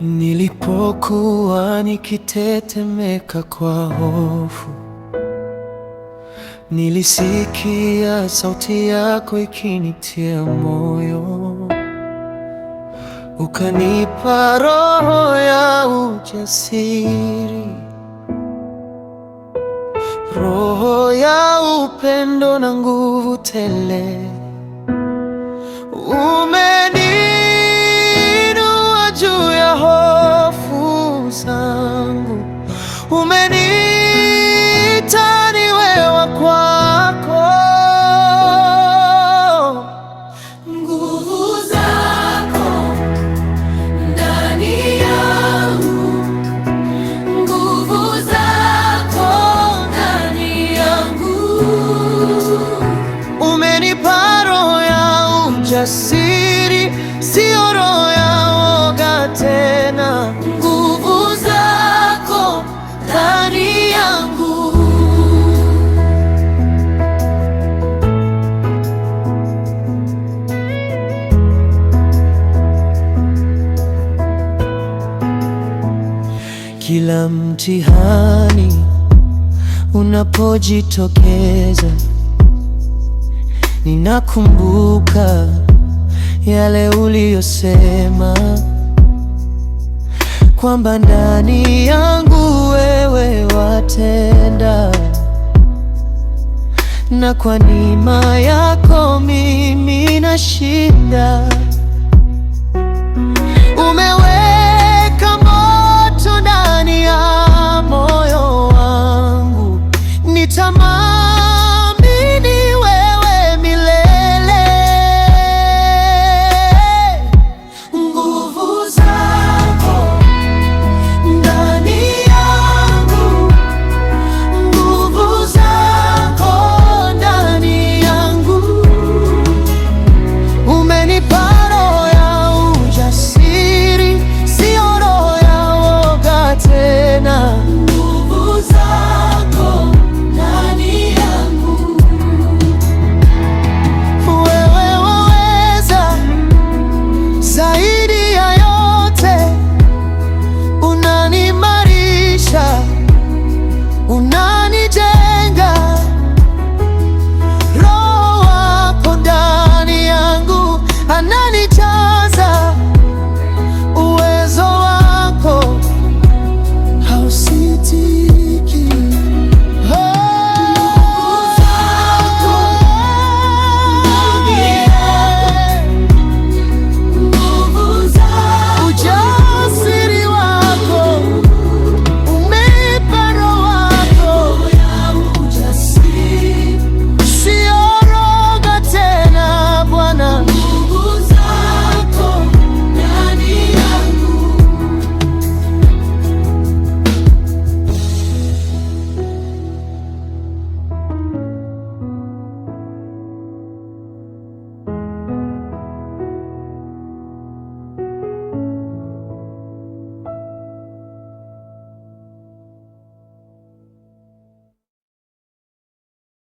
Nilipokuwa nikitetemeka kwa hofu, nilisikia sauti yako ikinitia moyo, ukanipa roho ya ujasiri, roho ya upendo na nguvu tele umeni ujasiri, sio roho ya woga tena. Nguvu zako ndani yangu, kila mtihani unapojitokeza Ninakumbuka yale uliyosema kwamba ndani yangu wewe watenda, na kwa neema yako mimi nashinda. Umeweka moto ndani ya moyo wangu nitama